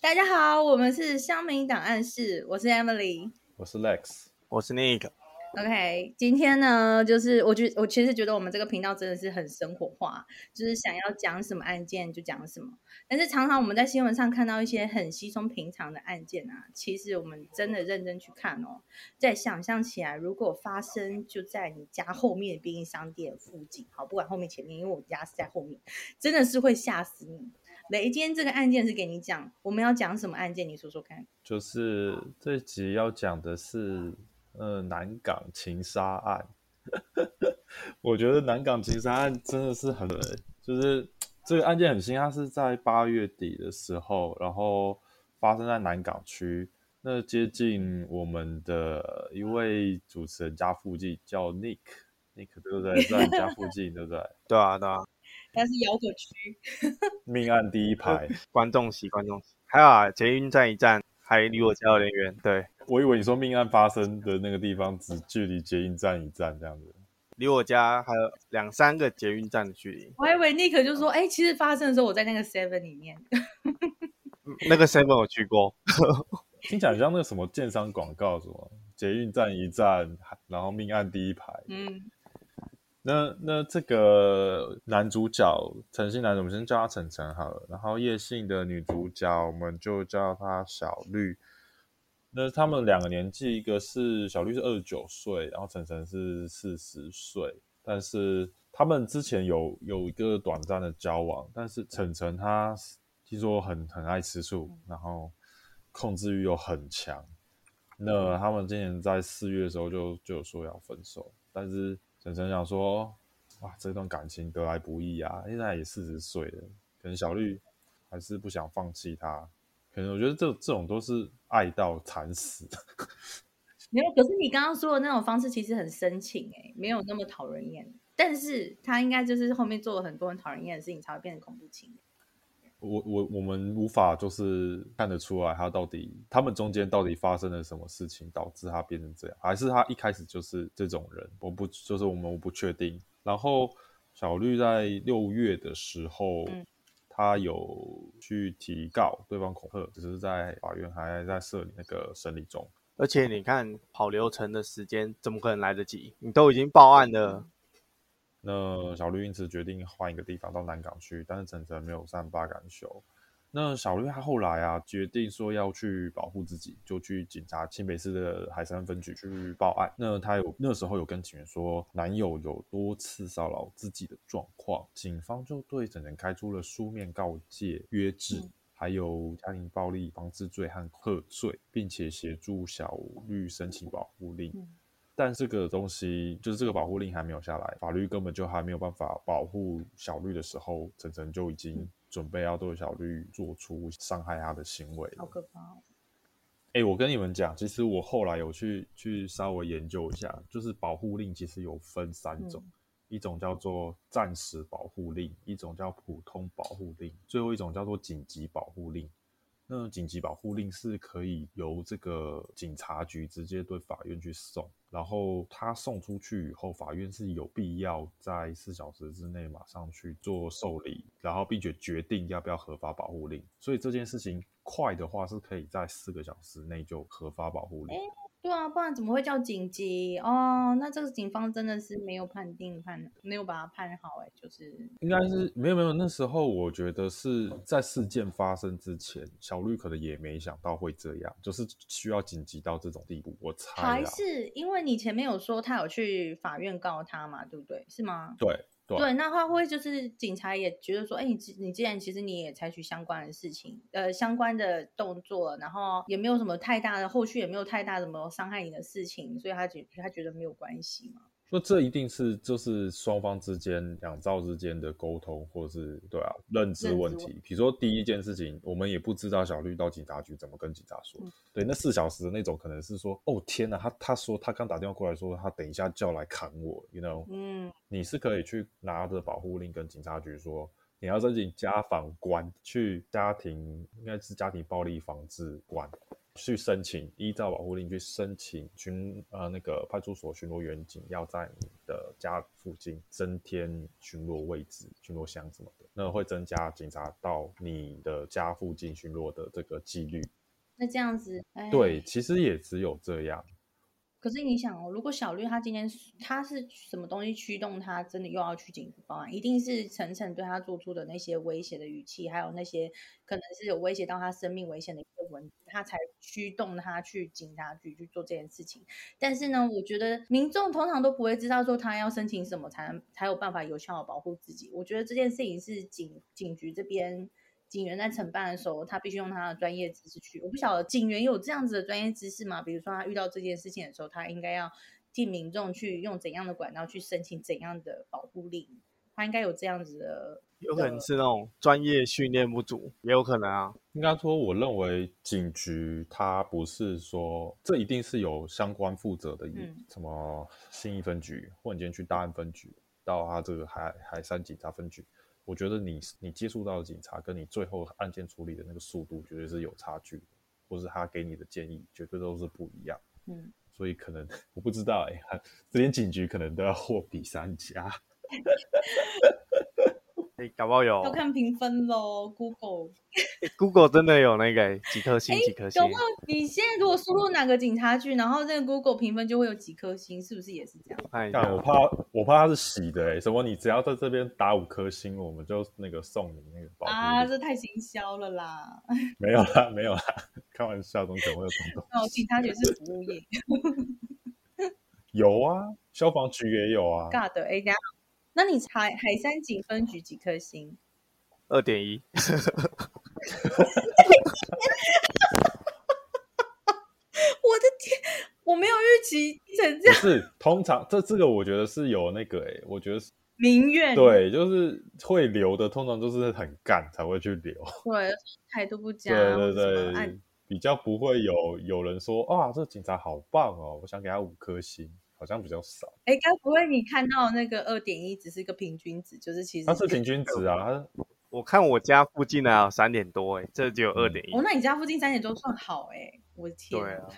大家好，我們是鄉民檔案室。我是 Emily，我是 Lex，我是 Nick。OK，今天呢，就是我覺我其實覺得我們這個頻道真的是很生活化，就是想要講什麼案件就講什麼。但是常常我們在新聞上看到一些很稀鬆平常的案件啊，其實我們真的認真去看哦，在想象起來，如果發生就在你家後面的便利商店附近，好，不管後面前面，因為我家是在後面，真的是會嚇死你。雷，今天這個案件是給你講，我們要講什麼案件？你說說看。就是這一集要講的是，啊、呃，南港情殺案。 我覺得南港情殺案真的是很，就是這個案件很新，它是在八月底的時候，然後發生在南港區，那接近我們的一位主持人家附近，叫 Nick，Nick Nick，對不對？ 在你家附近對不對？對啊，對啊。但是搖滾區，命案第一排， 觀眾席、觀眾席。還好、啊，捷運站一站，還離我家有點遠。對，我以為你說命案發生的那個地方，只距離捷運站一站這樣子，嗯、離我家還有兩三個捷運站的距離。我還以為尼克就說，哎、嗯，欸，其實發生的時候我在那個 Seven 裡面。 嗯、那個 Seven 我去過， 聽起來像那個什麼建商廣告，什麼捷運站一站，然後命案第一排，嗯。那那這個男主角陳姓男主角，我們先叫他陳晨好了。然後葉姓的女主角，我們就叫她小綠。那他們兩個年紀，一個是小綠是二十九歲，然後陳晨是四十歲。但是他們之前有有一個短暫的交往，但是陳晨他聽說很很愛吃醋，然後控制慾又很強。那他們今年在四月的時候就就有說要分手，但是。本身想說，哇，這段感情得來不易啊！現在也四十歲了，可能小綠還是不想放棄他。可能我覺得這這種都是愛到慘死的。沒有，可是你剛剛說的那種方式其實很深情誒、欸，沒有那麼討人厭。但是他應該就是後面做了很多很討人厭的事情，才會變成恐怖情人。我我我們無法就是看得出來他到底，他們中間到底發生了什麼事情導致他變成這樣，還是他一開始就是這種人？我不就是我們我不確定。然後小綠在六月的時候，嗯、他有去提告對方恐嚇，只、就是在法院還在受理，那個審理中。而且你看跑流程的時間怎麼可能來得及？你都已經報案了。嗯那小綠因此決定換一個地方到南港去，但是陳陳沒有善罷甘休。那小綠她後來啊決定說要去保護自己，就去警察新北市的海山分局去報案。那她有那時候有跟警員說男友有多次騷擾自己的狀況，警方就對陳陳開出了書面告誡約制，嗯、還有家庭暴力防治罪和恐嚇罪，並且協助小綠申請保護令。嗯但這個東西就是這個保護令還沒有下來，法律根本就還沒有辦法保護小綠的時候，晨晨就已經準備要對小綠做出傷害他的行為了。好可怕哦！哎、欸，我跟你們講，其實我後來有去去稍微研究一下，就是保護令其實有分三種，嗯、一種叫做暫時保護令，一種叫普通保護令，最後一種叫做緊急保護令。那緊急保護令是可以由這個警察局，直接對法院去送，然後他送出去以後，法院是有必要在四小時之內馬上去做受理，然後並且決定要不要核發保護令。所以這件事情快的話，是可以在四個小時內就核發保護令。欸對啊，不然怎麼會叫緊急哦？Oh, 那這個警方真的是沒有判定判，沒有把它判好哎、欸，就是應該是沒有沒有。那時候我覺得是在事件發生之前，小綠可能也沒想到會這樣，就是需要緊急到這種地步。我猜、啊、還是因為你前面有說他有去法院告他嘛，對不對？是嗎？對。對，對，那話會，會就是警察也覺得說，哎，你你既然其實你也採取相關的事情，呃，相關的動作，然後也沒有什麼太大的後續，也沒有太大什麼傷害你的事情，所以他覺他覺得沒有關係嘛。那這一定是就是雙方之間兩造之間的溝通，或是對啊，認知問題。比如說第一件事情，我們也不知道小綠到警察局怎麼跟警察說。嗯、對，那四小時的那種可能是說，哦天啊，他他說他剛打電話過來說，他等一下就要來砍我。You know，嗯，你是可以去拿着保護令跟警察局說，你要申請家防官去家庭，應該是家庭暴力防治官。去申請，依照保護令去申請巡，呃，那個派出所巡邏員警要在你的家附近增添巡邏位置、巡邏箱什麼的，那會增加警察到你的家附近巡邏的這個幾率那這樣子，哎，對，其實也只有這樣。可是你想哦，如果小綠他今天他是什麼東西驅動他，真的又要去警局報案，一定是晨晨對他做出的那些威脅的語氣，還有那些可能是有威脅到他生命危險的一些文字，他才驅動他去警察局去做這件事情。但是呢，我覺得民眾通常都不會知道說他要申請什麼才，才才有辦法有效的保護自己。我覺得這件事情是警警局這邊。警員在承辦的時候，他必須用他的專業知識去。我不曉得警員有這樣子的專業知識嗎？比如說，他遇到這件事情的時候，他應該要替民眾去用怎樣的管道去申請怎樣的保護令，他應該有這樣子的。有可能是那種專業訓練不足，也有可能啊。應該說，我認為警局他不是說這一定是有相關負責的，嗯、什麼信義分局，或者你今天去大安分局，到他這個海海山警察分局，我覺得你你接觸到的警察跟你最後案件處理的那個速度，絕對是有差距的，或是他給你的建議絕對都是不一樣。嗯，所以可能我不知道、欸，哎，這邊警局可能都要貨比三家。 欸、搞不好有要看評分嘍，Google，Google 真的有那個、欸、幾顆星幾顆星？等不、欸有沒有，你現在如果輸入哪個警察局，然後這個 Google 評分就會有幾顆星，是不是也是這樣？看、哎、我怕我怕他是洗的、欸，哎，什麼？你只要在這邊打五顆星，我們就那個送你那個包啊，這太行銷了啦！ 沒有啦，沒有啦，開玩笑中可能會有衝動,動。哦， 警察局是服務業， 有啊，消防局也有啊，幹的哎，那你猜海山警分局幾顆星？二點一，我的天，我沒有預期成這樣。是通常這這個我覺得是有那個哎、欸，我覺得是民怨，遠對，就是會留的，通常都是很幹才會去留，對，態度不佳，對對對，比較不會有有人說啊，這警察好棒哦，我想給他五顆星。好像比較少。哎、欸，該不會你看到那個二點一只是一個平均值，就是其實、啊、它是平均值啊。它，我看我家附近啊三點多、欸，哎，這就有二點一。嗯、哦，那你家附近三點多算好哎、欸，我的天、啊。對啊，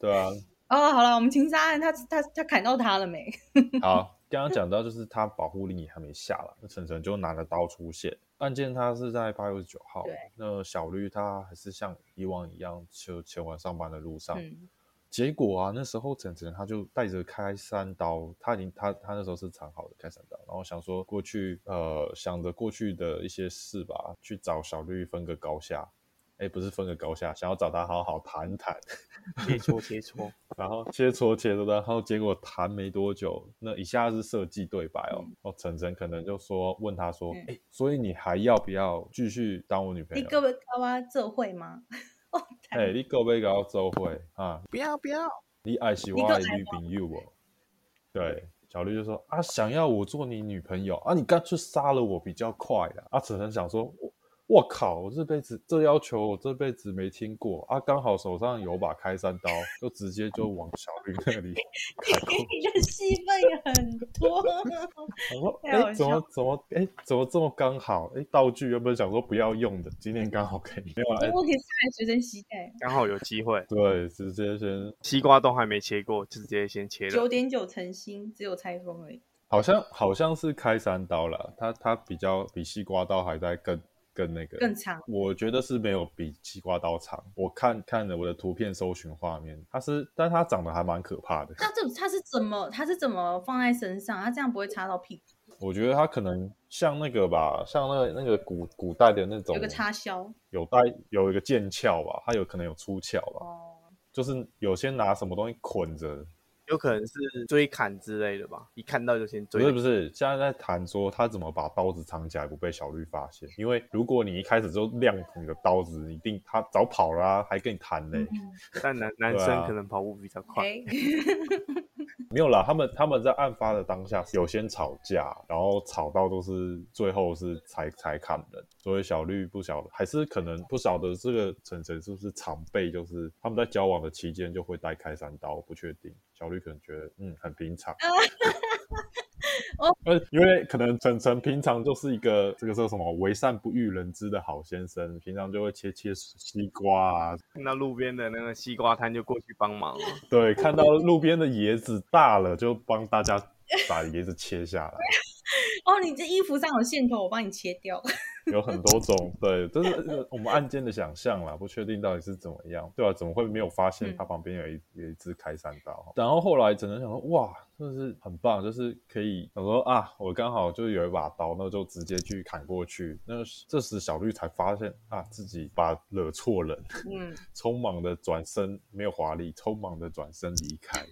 對啊。哦，好了，我們情殺案，他他他砍到他了沒？ 好，剛剛講到就是他保護令還沒下了，那晨晨就拿着刀出現。案件他是在八月十九號。對。那小綠他還是像以往一樣，就前往上班的路上。嗯。結果啊，那時候陳陳他就帶着開山刀，他已經他他那時候是藏好的開山刀，然後想說過去，呃，想着過去的一些事吧，去找小綠分個高下，哎，不是分個高下，想要找他好好談談，切磋切磋，切磋 然後切磋切磋，然後結果談沒多久，那以下是設計對白哦，哦、嗯，陳陳可能就說問他說，哎、嗯，所以你還要不要繼續當我女朋友？嗯、你哥不搞啊這會嗎？哎，你搞、啊、不要搞到周會啊！不要不要，你愛惜我的女朋友哦。對，小綠就說啊，想要我做你女朋友啊，你乾脆殺了我比較快的啊。只能想說。我靠！我這輩子這要求，我這輩子沒聽過啊！剛好手上有把開山刀，就直接就往小林那裡 你這戲份也很多。怎麼 說、欸、怎麼？哎、欸，怎麼這麼剛好，欸？道具原本想說不要用的，今天剛好可以。用來、 啊欸、我可以隨身攜帶，剛好有機會。 對，直接先西瓜都還沒切過，直接先切了。九點九成新，只有拆封而已。好像好像是開山刀了，它它比較比西瓜刀還在更。跟那個更長，我覺得是沒有比西瓜刀長。我看看着我的圖片搜尋畫面，它是，但它長得還蠻可怕的。那這它是怎麼，它是怎麼放在身上？它這樣不會插到屁股？我覺得它可能像那個吧，像那個、那個古古代的那種有個插銷，有帶有一個劍鞘吧，它有可能有出鞘吧，哦、就是有些拿什麼東西捆着。有可能是追砍之類的吧，一看到就先追了砍。不是不是，現在在談說他怎麼把刀子藏起來不被小綠發現，因為如果你一開始就亮出你的刀子，一定他早跑了啊，還跟你談嘞。但男男生可能跑步比較快。 Okay. 沒有啦，他們他們在案發的當下有先吵架，然後吵到都是最後是才才砍的。所以小綠不曉得還是可能不曉得這個晨晨是不是常備，就是他們在交往的期間就會帶開山刀，不確定。小綠可能覺得，嗯，很平常。因為可能晨晨平常就是一個，這個叫什麼“為善不欲人知”的好先生，平常就會切切西瓜啊，看到路邊的那個西瓜攤就過去幫忙了。對，看到路邊的椰子大了，就幫大家把椰子切下來。 哦，你這衣服上有線頭，我幫你切掉。 有很多種，對，就是我們案件的想象啦，不確定到底是怎麼樣，對吧、啊？怎麼會沒有發現他旁邊有一有一只開山刀？嗯、然後後來只能想說，哇，真的是很棒，就是可以想說啊，我剛好就有一把刀，那就直接去砍過去。那這時小綠才發現啊，自己把惹錯人，嗯， 匆忙的轉身，沒有華麗，匆忙的轉身離開。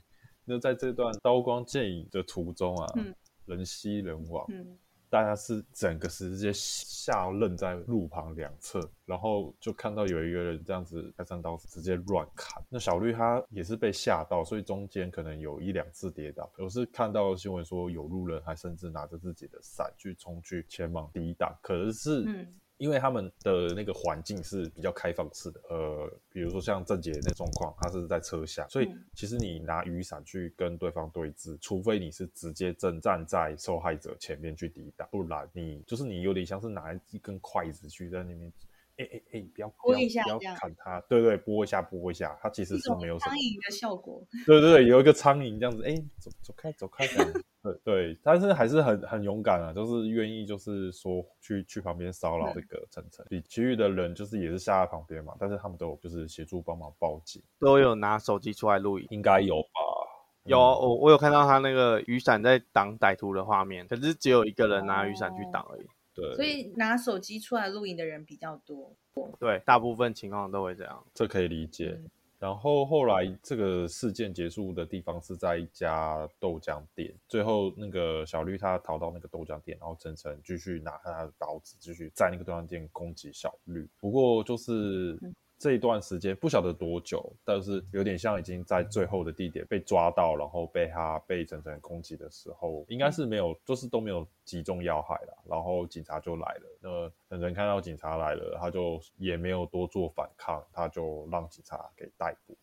那在這段刀光劍影的途中啊，嗯、人來人往。嗯大家是整個直接嚇愣在路旁兩側，然後就看到有一個人這樣子開山刀直接亂砍。那小綠他也是被嚇到，所以中間可能有一兩次跌倒。我是看到新聞說有路人還甚至拿着自己的傘去衝去前方抵擋，可是、嗯。因為他們的那個環境是比較開放式的，呃，比如說像鄭杰那種狀況，他是在車下，所以其實你拿雨傘去跟對方對峙，除非你是直接正站在受害者前面去抵擋，不然你就是你有點像是拿一根筷子去在那邊。哎哎哎！不要不要，不要砍他。對對，撥一下，撥一下。他其實是沒有什麼。蒼蠅的效果。對對對，有一個蒼蠅這樣子。哎、欸，走走開，走開。 對對，但是還是很很勇敢啊，就是願意，就是說去去旁邊騷擾這個晨晨。比、嗯、其餘的人就是也是下在旁邊嘛，但是他們都有就是協助幫忙報警，都有拿手機出來錄影，應該有吧？有，嗯、我我有看到他那個雨傘在擋歹徒的畫面，可是只有一個人拿雨傘去擋而已。Oh. 所以拿手機出來錄影的人比較多。對，大部分情況都會這樣，這可以理解。嗯、然後後來這個事件結束的地方是在一家豆漿店，最後那個小綠他逃到那個豆漿店，然後真晨繼續拿他的刀子繼續在那個豆漿店攻擊小綠。不過就是。嗯這一段時間不曉得多久，但是有點像已經在最後的地點被抓到，然後被他被整整攻擊的時候，應該是沒有，就是都沒有擊中要害了，然後警察就來了。那整整看到警察來了，他就也沒有多做反抗，他就讓警察給逮捕。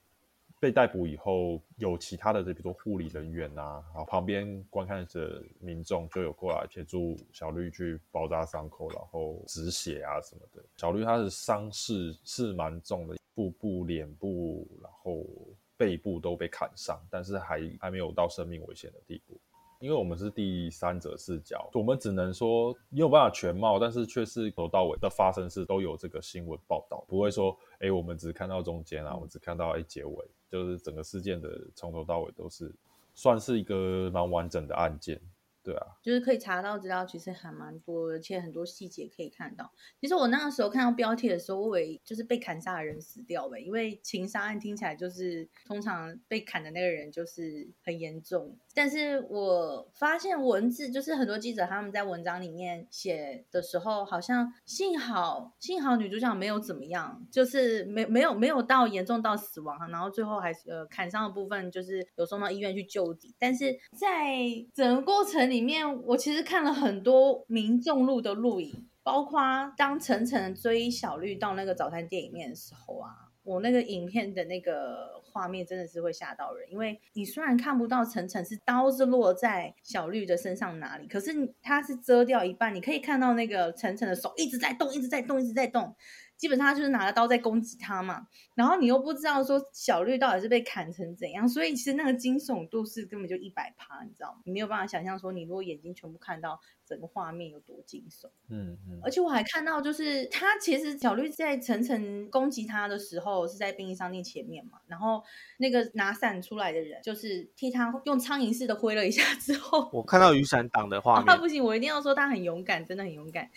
被逮捕以後，有其他的這，比如說護理人員啊，然後旁邊觀看者民眾就有過來協助小綠去包紮傷口，然後止血啊什麼的。小綠他的傷勢是蠻重的，腹部、臉部，然後背部都被砍傷，但是還還沒有到生命危險的地步。因為我們是第三者視角，我們只能說沒有辦法全貌，但是卻是從頭到尾的發生事都有這個新聞報道，不會說哎，我們只看到中間啊，我們只看到哎結尾。就是整個事件的從頭到尾都是，算是一個蠻完整的案件，對啊，就是可以查到資料，其實還蠻多，而且很多細節可以看到。其實我那個時候看到標題的時候，我以為就是被砍殺的人死掉了，因為情殺案聽起來就是通常被砍的那個人就是很嚴重。但是我發現文字就是很多記者他們在文章裡面寫的時候，好像幸好幸好女主角沒有怎麼樣，就是沒沒有沒有到嚴重到死亡，然後最後還是呃砍傷的部分就是有送到醫院去救治，但是在整個過程裡面，我其實看了很多民眾錄的錄影，包括當晨晨追小綠到那個早餐店裡面的時候啊。我那個影片的那個畫面真的是會嚇到人，因為你雖然看不到晨晨是刀子落在小綠的身上哪裡，可是它是遮掉一半，你可以看到那個晨晨的手一直在動，一直在動，一直在動。基本上就是拿着刀在攻擊他嘛，然後你又不知道說小綠到底是被砍成怎樣，所以其實那個驚悚度是根本就一百趴，你知道嗎，你沒有辦法想象說你如果眼睛全部看到整個畫面有多驚悚。嗯嗯。而且我還看到，就是他其實小綠在層層攻擊他的時候，是在便利商店前面嘛，然後那個拿傘出來的人就是替他用蒼蠅似的揮了一下之後，我看到雨傘擋的話、哦、那不行，我一定要說他很勇敢，真的很勇敢。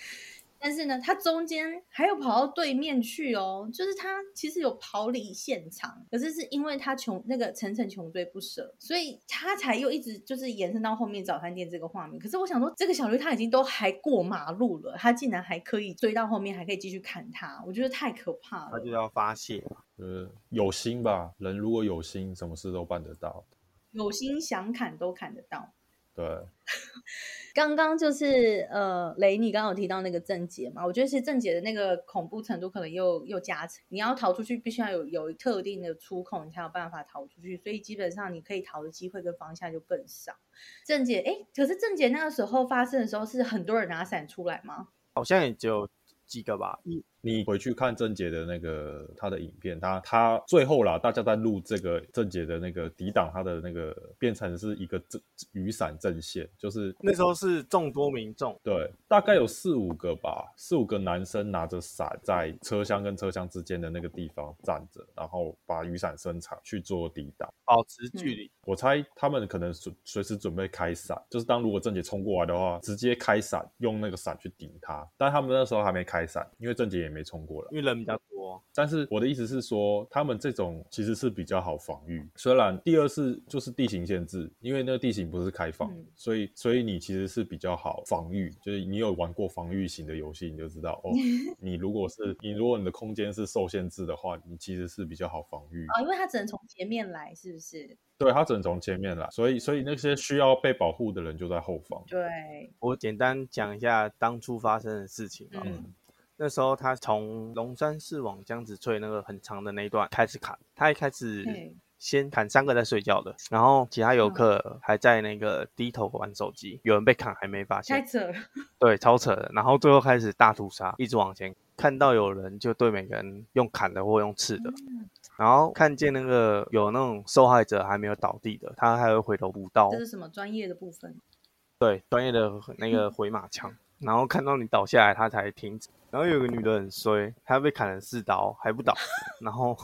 但是呢，他中間還有跑到對面去哦，就是他其實有逃離現場，可是是因為他窮，那個層層窮追不捨，所以他才又一直就是延伸到後面早餐店這個畫面。可是我想說，這個小綠他已經都還過馬路了，他竟然還可以追到後面，還可以繼續砍他，我覺得太可怕了。他就要發洩，就是、呃、有心吧，人如果有心，什麼事都辦得到，有心想砍都砍得到。對，剛剛就是呃，雷，你剛剛有提到那個鄭捷嘛？我覺得是鄭捷的那個恐怖程度可能又又加成，你要逃出去必須要有有特定的出口，你才有辦法逃出去，所以基本上你可以逃的機會跟方向就更少。鄭捷，哎，可是鄭捷那個時候發生的時候是很多人拿傘出來嗎？好像也只有幾個吧，嗯你回去看鄭捷的那個他的影片，他他最後啦，大家在錄這個鄭捷的那個抵擋他的那個變成是一個這雨傘陣線，就是那時候是眾多民眾對，大概有四五個吧，四五個男生拿着傘在車廂跟車廂之間的那個地方站着，然後把雨傘伸長去做抵擋，保持距離。嗯、我猜他們可能隨隨時準備開傘，就是當如果鄭捷衝過來的話，直接開傘用那個傘去頂他，但他們那時候還沒開傘，因為鄭捷也。也沒衝過來，因為人比較多。但是我的意思是說，他們這種其實是比較好防禦。雖然第二次就是地形限制，因為那個地形不是開放，嗯、所以所以你其實是比較好防禦。就是你有玩過防禦型的遊戲，你就知道哦。你如果是 你，如果你的空間是受限制的話，你其實是比較好防禦啊、哦，因為它只能從前面來，是不是？對，它只能從前面來，所以所以那些需要被保護的人就在後方。對，我簡單講一下當初發生的事情嗯。那時候他從龍山寺往江子翠那個很長的那一段開始砍，他一開始先砍三個在睡覺的，然後其他遊客還在那個低頭玩手機，有人被砍還沒發現，太扯了，對，超扯的。然後最後開始大屠殺，一直往前看到有人就對每個人用砍的或用刺的，然後看見那個有那種受害者還沒有倒地的，他還會回頭補刀，這是什麼專業的部分？對，專業的那個回馬槍。 然後看到你倒下來，他才停止。然後有個女的很衰，她被砍了四刀還不倒， 然後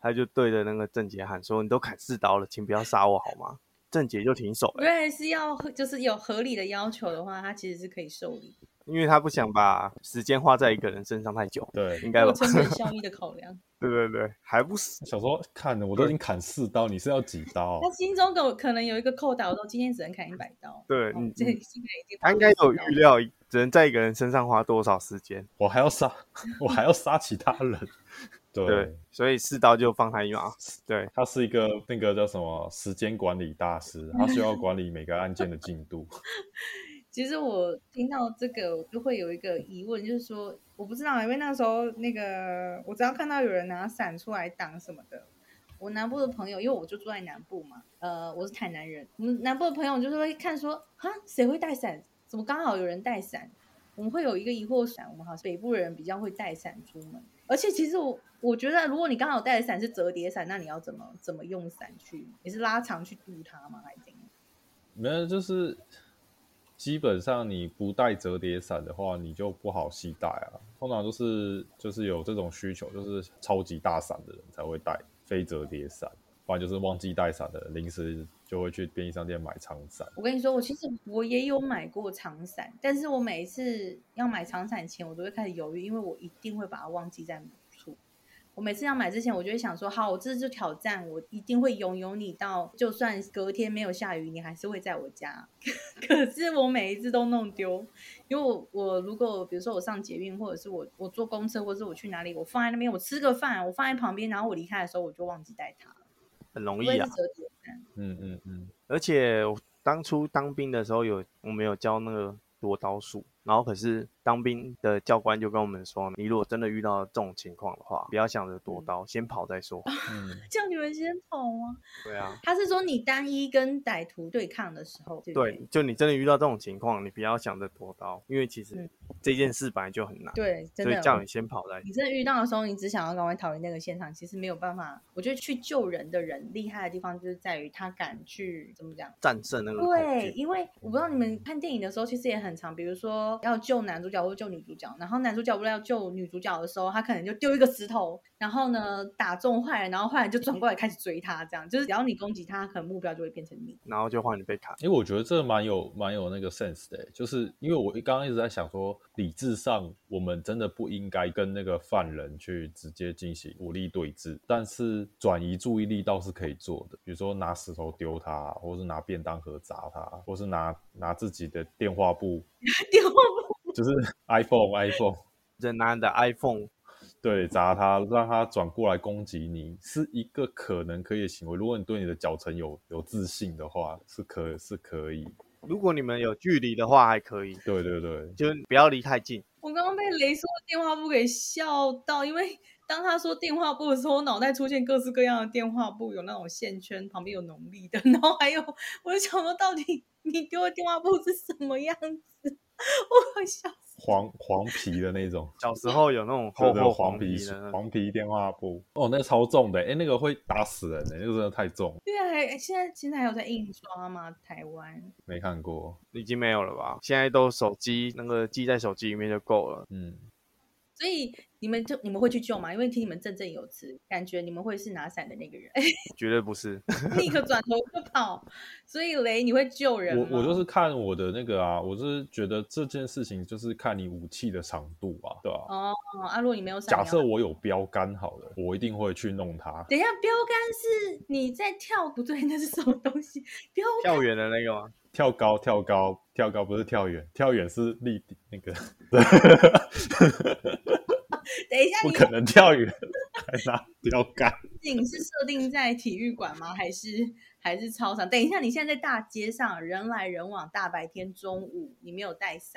她就對着那個鄭杰喊說：“你都砍四刀了，請不要殺我好嗎？”鄭杰 就停手。對，是要就是有合理的要求的話，他其實是可以受理。因為他不想把時間花在一個人身上太久，對，應該有出於效益的考量。嗯、對， 對對對，還不是小時候看的，我都已經砍四刀，對你是要幾刀？他心中可可能有一個扣打，我都今天只能砍一百刀。對、這個、嗯，這現在已經他應該有預料，只能在一個人身上花多少時間，我還要殺，我還要殺其他人。對，對所以四刀就放他一馬。對，他是一個那個叫什麼時間管理大師，他需要管理每個案件的進度。 其實我聽到這個，我就會有一個疑問，就是說我不知道，因為那個時候那個我只要看到有人拿傘出來擋什麼的，我南部的朋友，因為我就住在南部嘛，呃，我是台南人，我們南部的朋友就是會看說，啊，誰會帶傘？怎麼剛好有人帶傘？我們會有一個疑惑傘，傘我們好像北部人比較會帶傘出門，而且其實我我覺得，如果你剛好帶的傘是折疊傘，那你要怎麼怎麼用傘去？你是拉長去堵它嗎？還是沒有就是。基本上你不帶折疊傘的話，你就不好攜帶啊。通常都是，就是就是有這種需求，就是超級大傘的人才會帶非折疊傘，不然就是忘記帶傘的人，臨時就會去便利商店買長傘。我跟你說，我其實我也有買過長傘，但是我每一次要買長傘前，我都會開始猶豫，因為我一定會把它忘記在某處。我每次要買之前，我就會想說：好，我這次就挑戰，我一定會擁有你到。到就算隔天沒有下雨，你還是會在我家。 可是我每一次都弄丟，因為我，我如果比如說我上捷運，或者是我我坐公車，或者是我去哪裡，我放在那邊，我吃個飯，我放在旁邊，旁邊，然後我離開的時候我就忘記帶它了，很容易啊，嗯嗯嗯、嗯嗯、而且當初當兵的時候有我沒有教那個奪刀術。然後可是當兵的教官就跟我們說，你如果真的遇到這種情況的話，不要想着奪刀，嗯、先跑再說。嗯、 叫你們先跑啊。對啊。他是說你單一跟歹徒對抗的時候。對，對,對，就你真的遇到這種情況，你不要想着奪刀，因為其實、嗯、這件事本來就很難。對，真的。所以叫你先跑再說。在、嗯、你真的遇到的時候，你只想要趕快逃離那個現場，其實沒有辦法。我覺得去救人的人厲害的地方就是在於他敢去怎麼講？戰勝那個。對，因為我不知道你們看電影的時候，其實也很常，比如說。要救男主角或救女主角，然後男主角為了要救女主角的時候，他可能就丟一個石頭，然後呢打中壞人，然後壞人就轉過來開始追他，這樣就是只要你攻擊他，可能目標就會變成你，然後就換你被砍。因為我覺得這個蠻有蠻有那個 sense 的，就是因為我剛剛一直在想說，理智上我們真的不應該跟那個犯人去直接進行武力對峙，但是轉移注意力倒是可以做的，比如說拿石頭丟他，或是拿便當盒砸他，或是拿拿自己的電話簿，拿 電話。就是 iPhone，iPhone，就拿你的 iPhone，, iPhone. 對，砸他，讓他轉過來攻擊你，是一個可能可以的行為。如果你對你的腳程有有自信的話，是可以，是可以。如果你們有距離的話，還可以。對對對，就不要離太近。我剛剛被雷叔的電話簿給笑到，因為當他說電話簿的時候，腦袋出現各式各樣的電話簿，有那種線圈，旁邊有濃密的，然後還有，我就想說，到底你丟的電話簿是什麼樣子？ 我好笑死我黃，黃黃皮的那種， 小時候有那種厚的黃皮黃皮電話簿，電話簿哦，那個、超重的，哎、欸，那個會打死人的、欸，那個真的太重。對啊，還、欸、現在現在還有在印刷嗎？台灣沒看過，已經沒有了吧？現在都手機那個記在手機裡面就夠了。嗯，所以。你們就你們會去救嗎？因為聽你們振振有詞，感覺你們會是拿傘的那個人， 絕對不是，立 刻轉頭就跑。所以雷，你會救人嗎？我我就是看我的那個啊，我是覺得這件事情就是看你武器的長度吧，對吧、啊？哦、oh, oh, 啊，阿洛，你沒有傘。假設我有標杆好了，我一定會去弄它。等一下，標杆是你在跳，不對，那是什麼東西？標杆。跳遠的那個嗎？跳高，跳高，跳高不是跳遠，跳遠是立定那個。 等一下，不可能跳遠，還拿標杆 你是設定在體育館嗎？還是還是操場？等一下，你現在在大街上，人來人往，大白天中午，你沒有帶傘。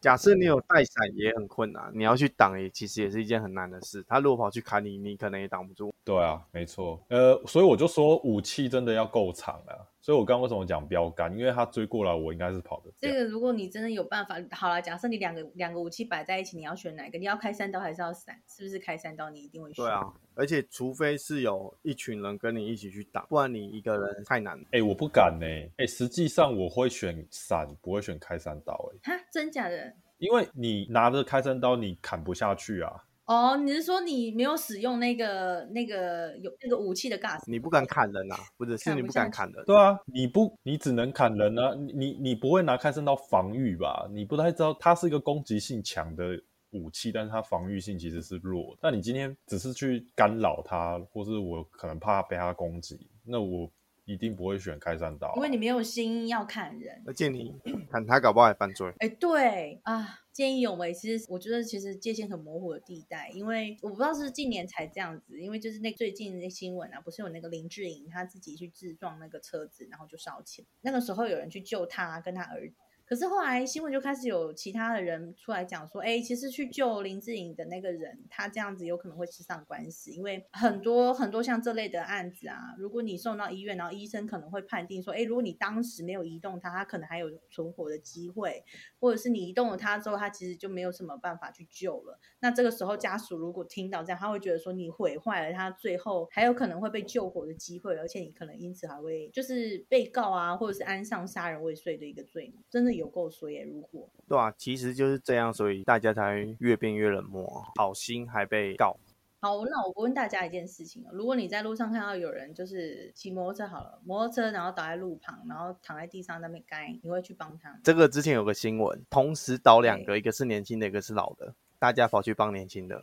假設你有帶傘，也很困難。你要去擋，也其實也是一件很難的事。他如果跑去砍你，你可能也擋不住。對啊，沒錯。呃，所以我就說，武器真的要夠長了所以，我剛剛為什麼講標杆？因為他追過來，我應該是跑的。這個，如果你真的有辦法，好了，假設你兩個兩個武器擺在一起，你要選哪個？你要開山刀還是要閃？是不是開山刀？你一定會選。對啊，而且除非是有一群人跟你一起去打，不然你一個人太難。哎、欸，我不敢呢、欸。哎、欸，實際上我會選閃，不會選開山刀、欸。哎，哈，真假的？因為你拿着開山刀，你砍不下去啊。哦，oh, 你是說你沒有使用那個那個有那個武器的 g a 你不敢砍人啊，或者是，是你不敢砍人？對，對啊，你不，你只能砍人啊，你你不會拿開山刀防禦吧？你不太知道它是一個攻擊性強的武器，但是它防禦性其實是弱。那你今天只是去干擾它，或是我可能怕被它攻擊，那我一定不會選開山刀，啊，因為你沒有心要砍人。而且你砍他，搞不好還犯罪。哎 欸，對啊。見義勇為，其實我覺得其實界限，很模糊的地帶，因為我不知道是不是近年才這樣子，因為就是那最近那新聞啊，不是有那個林志穎他自己去自撞那個車子，然後就燒起來，那個時候有人去救他跟他兒子。可是後來新聞就開始有其他的人出來講說，哎、欸，其實去救林志穎的那個人，他這樣子有可能會吃上官司，因為很多很多像這類的案子啊，如果你送到醫院，然後醫生可能會判定說，哎、欸，如果你當時沒有移動他，他可能還有存活的機會，或者是你移動了他之後，他其實就沒有什麼辦法去救了。那這個時候家屬如果聽到這樣，他會覺得說你毀壞了他最後還有可能會被救活的機會，而且你可能因此還會就是被告啊，或者是安上殺人未遂的一個罪名，真的。有夠衰耶，如果對啊，其實就是這樣，所以大家才越變越冷漠，好心還被告。好，那我問大家一件事情、哦，如果你在路上看到有人就是騎摩托車，好了，摩托車然後倒在路旁，然後躺在地上在那邊該，你會去幫他？這個之前有個新聞，同時倒兩個，對一個是年輕的，一個是老的，大家跑去幫年輕的。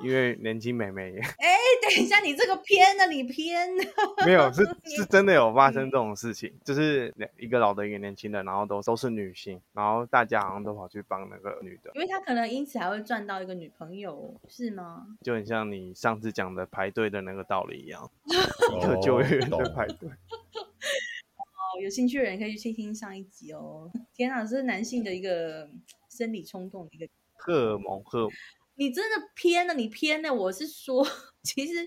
因為年輕美眉。哎，等一下，你這個偏了，你偏了。沒有，是是真的有發生這種事情，就是兩一個老的，一個年輕的，然後都都是女性，然後大家好像都跑去幫那個女的。因為她可能因此還會賺到一個女朋友，是嗎？就很像你上次講的排隊的那個道理一樣，oh. 一個救援隊排隊。哦，oh. oh, 有興趣的人可以去聽上一集哦。天啊，這是男性的一個生理衝動一個荷爾蒙，荷。你真的偏了？你偏了？我是說，其實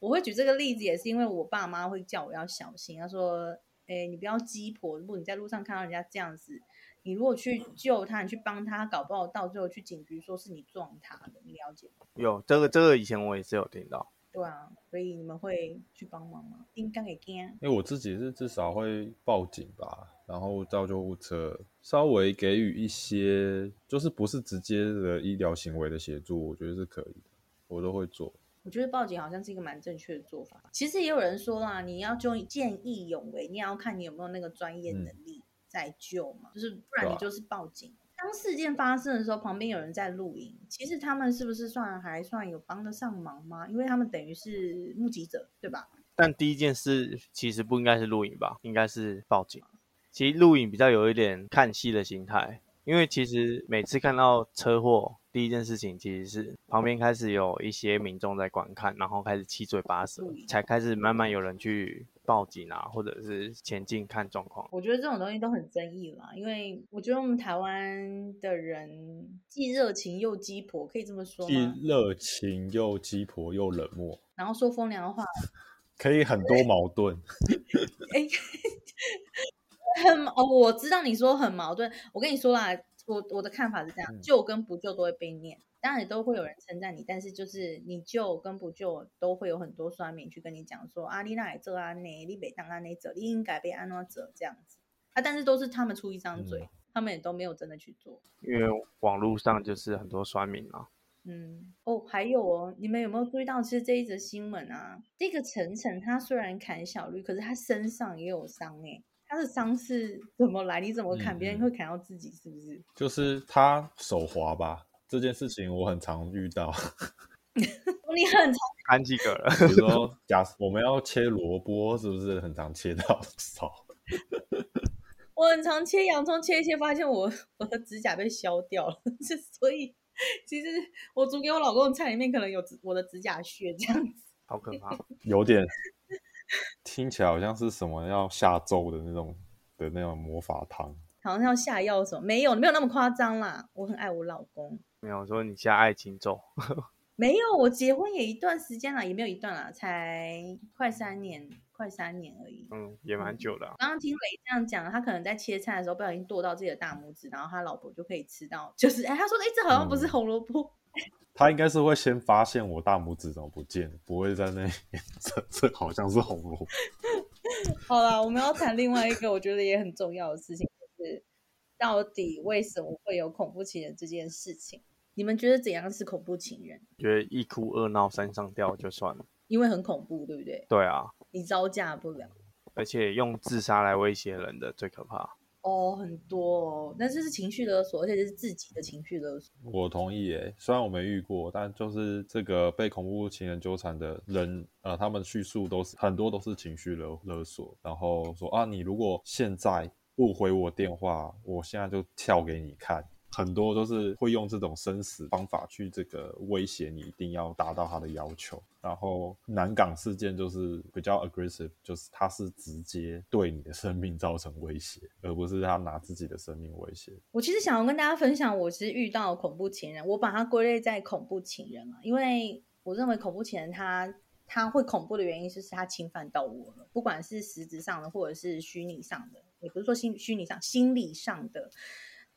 我會舉這個例子，也是因為我爸媽會叫我要小心。他說：“哎、欸，你不要雞婆，如果你在路上看到人家這樣子，你如果去救他，你去幫他，他搞不好到最後去警局說是你撞他的。”你了解嗎？有這個，這個以前我也是有聽到。對啊，所以你們會去幫忙嗎？應該會幹。因為我自己是至少會報警吧。然後叫救護車，稍微給予一些，就是不是直接的醫療行為的協助，我覺得是可以的，我都會做。我覺得報警好像是一個蠻正確的做法。其實也有人說啦，你要就見義勇為，你要看你有沒有那個專業能力再救嘛，嗯、就是不然你就是報警。啊、當事件發生的時候，旁邊有人在錄影，其實他們是不是算還算有幫得上忙嗎？因為他們等於是目擊者，對吧？但第一件事其實不應該是錄影吧，應該是報警。其實錄影比較有一點看戲的心態，因為其實每次看到車禍，第一件事情其實是旁邊開始有一些民眾在觀看，然後開始七嘴八舌，影才開始慢慢有人去報警啊，或者是前進看狀況。我覺得這種東西都很爭議嘛，因為我覺得我們台灣的人既熱情又雞婆，可以這麼說嗎？既熱情又雞婆又冷漠，然後說風涼話， 可以很多矛盾。 很、嗯、哦，我知道你說很矛盾。我跟你說啦，我我的看法是這樣，嗯、救跟不救都會被念，當然也都會有人稱讚你，但是就是你救跟不救都會有很多酸民去跟你講說，阿麗娜也這啊，那你北當啊，哪者你應該被安拉者這樣子啊，但是都是他們出一張嘴，嗯、他們也都沒有真的去做，因為網絡上就是很多酸民啊。嗯，哦，還有哦，你們有沒有注意到，其實這一則新聞啊，這個晨晨他雖然砍小綠，可是他身上也有傷哎。他的傷勢怎麼來？你怎麼砍別人、嗯、會砍到自己，是不是？就是他手滑吧，這件事情我很常遇到。 你很常砍幾個人？比如說， 假我們要切蘿蔔，是不是很常切到手？ 我很常切洋蔥，切一切發現我我的指甲被削掉了，所以其實我煮給我老公的菜裡面可能有我的指甲屑這樣子。好可怕， 有點。聽起來好像是什麼要下咒的那種的那種魔法湯，好像要下藥什麼？沒有，沒有那麼誇張啦。我很愛我老公，沒有。我說你下愛情咒， 沒有。我結婚也一段時間了，也沒有一段了，才快三年，快三年而已。嗯，也蠻久的、啊。剛剛、嗯、聽雷這樣講，他可能在切菜的時候不小心剁到自己的大拇指，然後他老婆就可以吃到，就是哎、欸，他說哎、欸，這好像不是紅蘿蔔。嗯他應該是會先發現我大拇指怎麼不見，不會在那邊。這這好像是紅蘿 好啦，我們要談另外一個我覺得也很重要的事情，就是到底為什麼會有恐怖情人這件事情？你們覺得怎樣是恐怖情人？覺得一哭二鬧三上吊就算了，因為很恐怖，對不對？對啊，你招架不了。而且用自殺來威脅人的最可怕。哦，oh, 很多哦，那這是，是情緒勒索，而且這是自己的情緒勒索。我同意誒，雖然我沒遇過，但就是這個被恐怖情人糾纏的人，呃，他們敘述都是很多都是情緒勒勒索，然後說啊，你如果現在不回我電話，我現在就跳給你看。很多都是會用這種生死方法去這個威脅你，一定要達到他的要求。然後南港事件就是比較 aggressive，就是他是直接對你的生命造成威脅，而不是他拿自己的生命威脅。我其實想要跟大家分享，我其實遇到恐怖情人，我把它歸類在恐怖情人啊，因為我認為恐怖情人他他會恐怖的原因，是他侵犯到我了，不管是實質上的或者是虛擬上的，也不是說心虛擬上心理上的。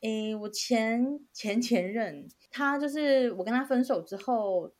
誒、欸、我前前前任，他就是我跟他分手之後，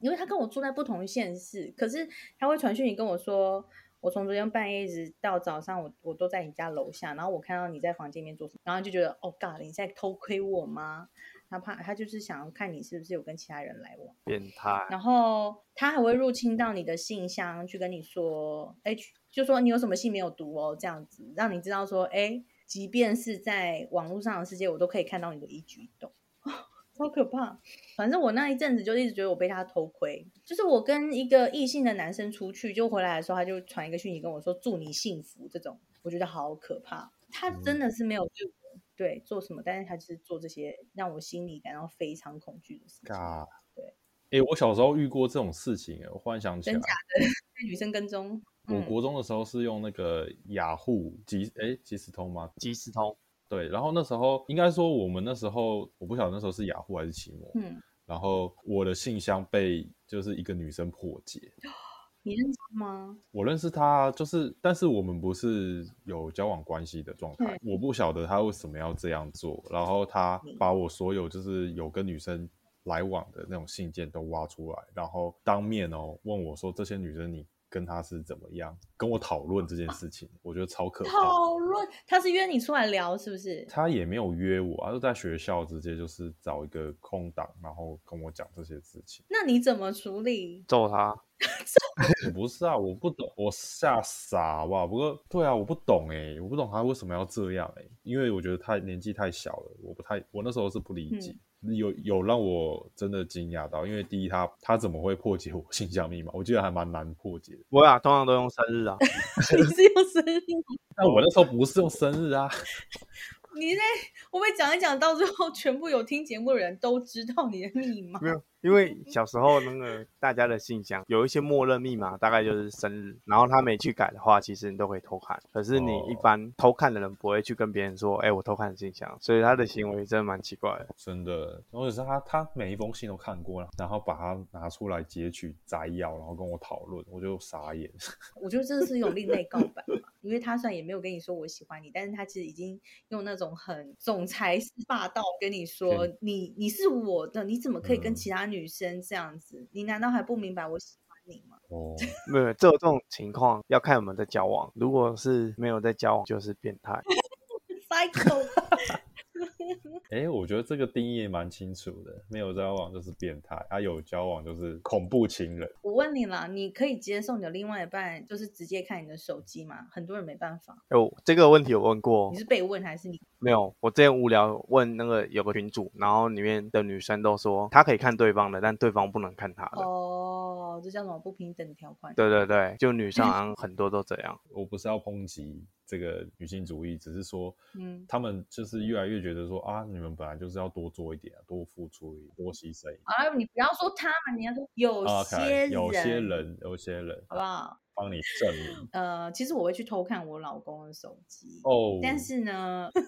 因為他跟我住在不同縣市，可是他會傳訊你跟我說，我從昨天半夜一直到早上我，我我都在你家樓下，然後我看到你在房間裡面做什麼，然後就覺得 Oh God，你在偷窺我嗎？他怕他就是想要看你是不是有跟其他人來往，變態。然後他還會入侵到你的信箱去跟你說，哎、欸，就說你有什麼信沒有讀哦，這樣子讓你知道說，哎、欸。即便是在網絡上的世界，我都可以看到你的一舉一動， 好可怕。反正我那一陣子就一直覺得我被他偷窺。就是我跟一個異性的男生出去，就回來的時候，他就傳一個訊息跟我說“祝你幸福”這種，我覺得好可怕。他真的是沒有對我、嗯、對做什麼，但是他就是做這些讓我心裡感到非常恐懼的事情。嘎對，哎、欸，我小時候遇過這種事情，我忽然想起來。真假的被女生跟蹤。我國中的時候是用那個雅虎、ah、及、欸、即時通嗎？即時通，對。然後那時候應該說我們那時候我不曉得那時候是雅虎、ah、還是奇摩。嗯。然後我的信箱被就是一個女生破解，你認識她嗎？我認識她，就是但是我們不是有交往關係的狀態。嗯、我不曉得她為什麼要這樣做。然後她把我所有就是有跟女生來往的那種信件都挖出來，然後當面哦問我說：“這些女生你？”跟他是怎麼樣？跟我討論這件事情，啊、我覺得超可怕。討論，他是約你出來聊，是不是？他也沒有約我、啊，就在學校直接就是找一個空檔，然後跟我講這些事情。那你怎麼處理？揍他？ 不是啊，我不懂，我嚇傻哇。不過對啊，我不懂哎、欸，我不懂他為什麼要這樣哎、欸，因為我覺得太年紀太小了，我不太，我那時候是不理解。嗯有有讓我真的驚訝到，因為第一他他怎麼會破解我信箱密碼？我記得還蠻難破解的。不會啊，通常都用生日啊， 你是用生日嗎？但我那時候不是用生日啊。 你在，我會講一講，到最後全部有聽節目的人都知道你的密碼。沒有。因為小時候那個大家的信箱有一些默認密碼，大概就是生日，然後他沒去改的話，其實你都可以偷看。可是你一般偷看的人不會去跟別人說，哎、哦欸，我偷看的信箱，所以他的行為真的蠻奇怪的、哦。真的，或者是他他每一封信都看過了，然後把他拿出來截取摘要，然後跟我討論，我就傻眼。我覺得這是一種另類告白嘛， 因為他雖然也沒有跟你說我喜歡你，但是他其實已經用那種很總裁式霸道跟你說，是你你是我的，你怎麼可以跟其他女、嗯？女生這樣子，你難道還不明白我喜歡你嗎？哦，oh. 沒有，有這種情況要看我們的交往。如果是沒有在交往，就是變態。哈 哎，我覺得這個定義蠻清楚的，沒有交往就是變態，啊，有交往就是恐怖情人。我問你啦，你可以接受你的另外一半就是直接看你的手機嗎？很多人沒辦法。有，這個問題我問過。你是被問還是你？沒有，我之前無聊問那個有個群組，然後裡面的女生都說她可以看對方的，但對方不能看她的。哦，這叫什麼不平等條款？對對對，就女生很多都這樣。嗯、我不是要抨擊這個女性主義，只是說，嗯，他們就是越來越覺得說。啊！你們本來就是要多做一點，多付出一點，多犧牲。啊！你不要說他們，你要說有些人，okay, 有些人，有些人，好不好？幫你證明。呃，其實我會去偷看我老公的手機。哦。Oh. 但是呢呵呵，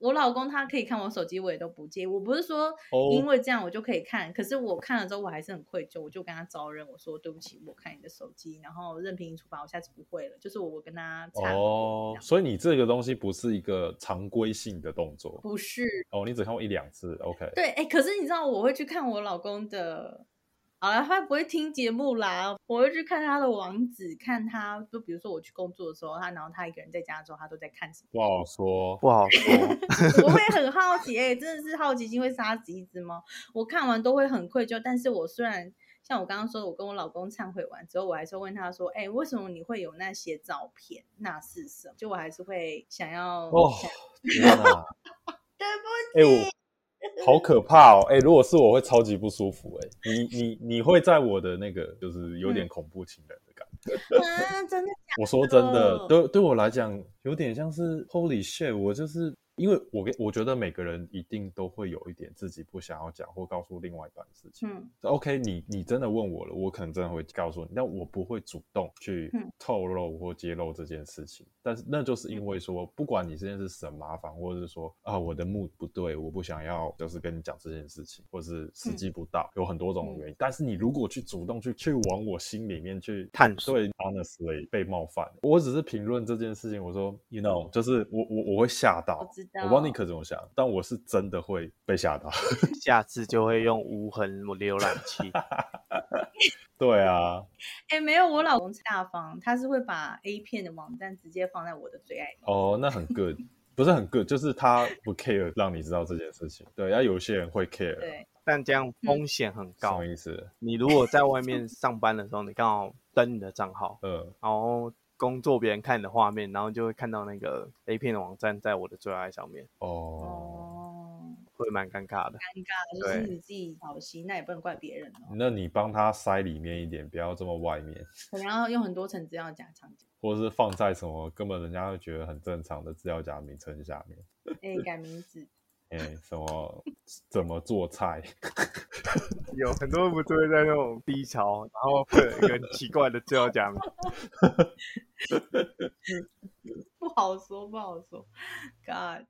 我老公他可以看我手機，我也都不介意。我不是說因為這樣我就可以看，oh. 可是我看了之後我還是很愧疚，我就跟他招認，我說對不起，我看你的手機，然後任憑你處罰，我下次不會了。就是我跟、oh. 我跟他。哦。所以你這個東西不是一個常規性的動作。不是。哦，oh, 你只看過一兩次，OK？對，哎，可是你知道我會去看我老公的。好了，他不會聽節目啦。我會去看他的網址，看他就比如說我去工作的時候，他然後他一個人在家的時候，他都在看什麼？不好說，不好說。 我會很好奇哎、欸，真的是好奇心會殺死一隻貓。我看完都會很愧疚，但是我雖然像我剛剛說，我跟我老公懺悔完之後，我還是問他說：“哎、欸，為什麼你會有那些照片？那是什麼？”就我還是會想要。對不起。欸好可怕哦！哎、欸，如果是我，我會超級不舒服、欸。哎，你你你會在我的那個，就是有點恐怖情人的感覺。 啊，真的假的？我說真的，對對我來講，有點像是 Holy shit，我就是。因為我給，我覺得每個人一定都會有一點自己不想要講或告訴另外一段事情。嗯，O、okay, K，你你真的問我了，我可能真的會告訴你，但我不會主動去透露或揭露這件事情。但是那就是因為說，不管你這件事很麻煩，或者是說啊我的目的不對，我不想要就是跟你講這件事情，或者是時機不到，嗯、有很多種原因。嗯、但是你如果去主動去去往我心裡面去探索、嗯、Honestly，被冒犯，我只是評論這件事情，我說 You know，就是我我我會嚇到。不知道，我不知道尼克怎麼想，但我是真的會被嚇到。 下次就會用無痕瀏覽器。 對啊。哎、欸，沒有，我老公大方，他是會把 A 片的網站直接放在我的最愛。哦 ，oh, 那很 good，不是很 good，就是他不 care，讓你知道這件事情。對，要有些人會 care。對。但這樣風險很高。什麼意思？你如果在外面上班的時候， 你剛好登你的賬號，嗯，然後。工作別人看你的畫面，然後就會看到那個 A 片的網站在我的最愛上面哦，oh. 會蠻尷尬的。尷尬的，就是你自己好心，那也不能怪別人。那你幫他塞裡面一點，不要這麼外面。可能要用很多層資料夾層 或者是放在什麼根本人家會覺得很正常的資料夾名稱下面。哎，改名字。 哎、欸，什麼？怎麼做菜？ 有很多不都會在那種低潮，然後一個很奇怪的就要講， 不好說，不好說，God、欸。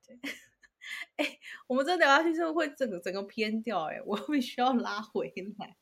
哎，我們這聊下去之不是會整個整個偏掉、欸？哎，我會需要拉回來。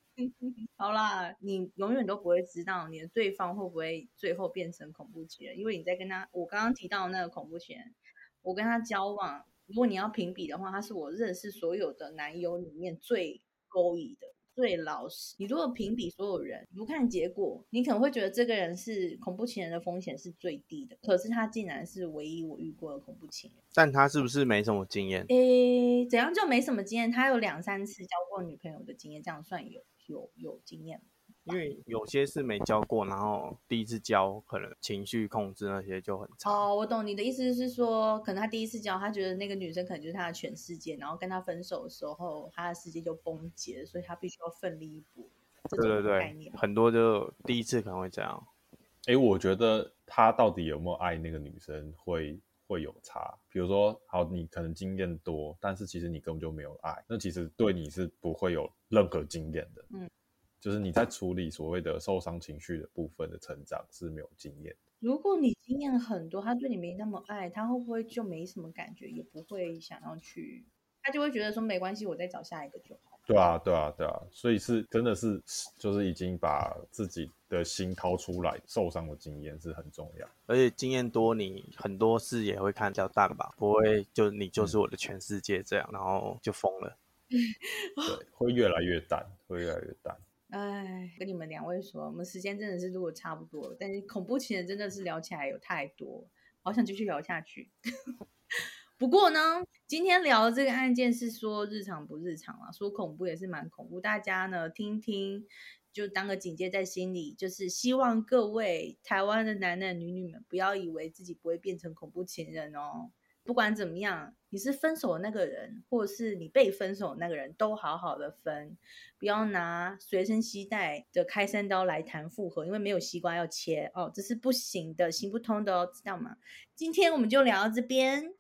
好啦，你永遠都不會知道你的對方會不會最後變成恐怖情人，因為你在跟他，我剛剛提到那個恐怖情人，我跟他交往。如果你要評比的話，他是我認識所有的男友裡面最古意的、最老實。你如果評比所有人，不看結果，你可能會覺得這個人是恐怖情人的風險是最低的。可是他竟然是唯一我遇過的恐怖情人。但他是不是沒什麼經驗？誒、欸，怎樣就沒什麼經驗？他有兩三次交過女朋友的經驗，這樣算有有有經驗嗎？因為有些事沒教過，然後第一次教可能情緒控制那些就很差。哦，oh, 我懂你的意思是說，可能他第一次教他覺得那個女生可能就是他的全世界，然後跟他分手的時候，他的世界就崩解了，所以他必須要奮力一搏。對對對，很多就第一次可能會這樣。哎，我覺得他到底有沒有愛那個女生會，會會有差。比如說，好，你可能經驗多，但是其實你根本就沒有愛，那其實對你是不會有任何經驗的。嗯。就是你在處理所謂的受傷情緒的部分的成長是沒有經驗的。如果你經驗很多，他對你沒那麼愛，他會不會就沒什麼感覺，也不會想要去，他就會覺得說沒關係，我再找下一個就好。對啊，對啊，對啊，所以是真的是就是已經把自己的心掏出來，受傷的經驗是很重要。而且經驗多，你很多事也會看得比較淡吧，不會就你就是我的全世界這樣，嗯、然後就瘋了。 對，會越來越淡，會越來越淡。哎，唉，跟你們兩位說，我們時間真的是錄得差不多，但是恐怖情人真的是聊起來有太多，好想繼續聊下去。 不過呢，今天聊的這個案件是說日常不日常啊，說恐怖也是蠻恐怖，大家呢聽聽，就當個警戒在心裡，就是希望各位台灣的男男女女們不要以為自己不會變成恐怖情人哦。不管怎麼樣，你是分手的那個人，或者是你被分手的那個人，都好好的分，不要拿隨身攜帶的開山刀來談復合，因為沒有西瓜要切哦，這是不行的，行不通的哦，知道嗎？今天我們就聊到這邊。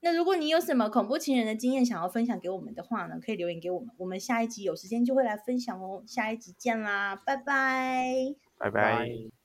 那如果你有什麼恐怖情人的經驗想要分享給我們的話呢，可以留言給我們，我們下一集有時間就會來分享哦。下一集見啦，拜拜，拜拜。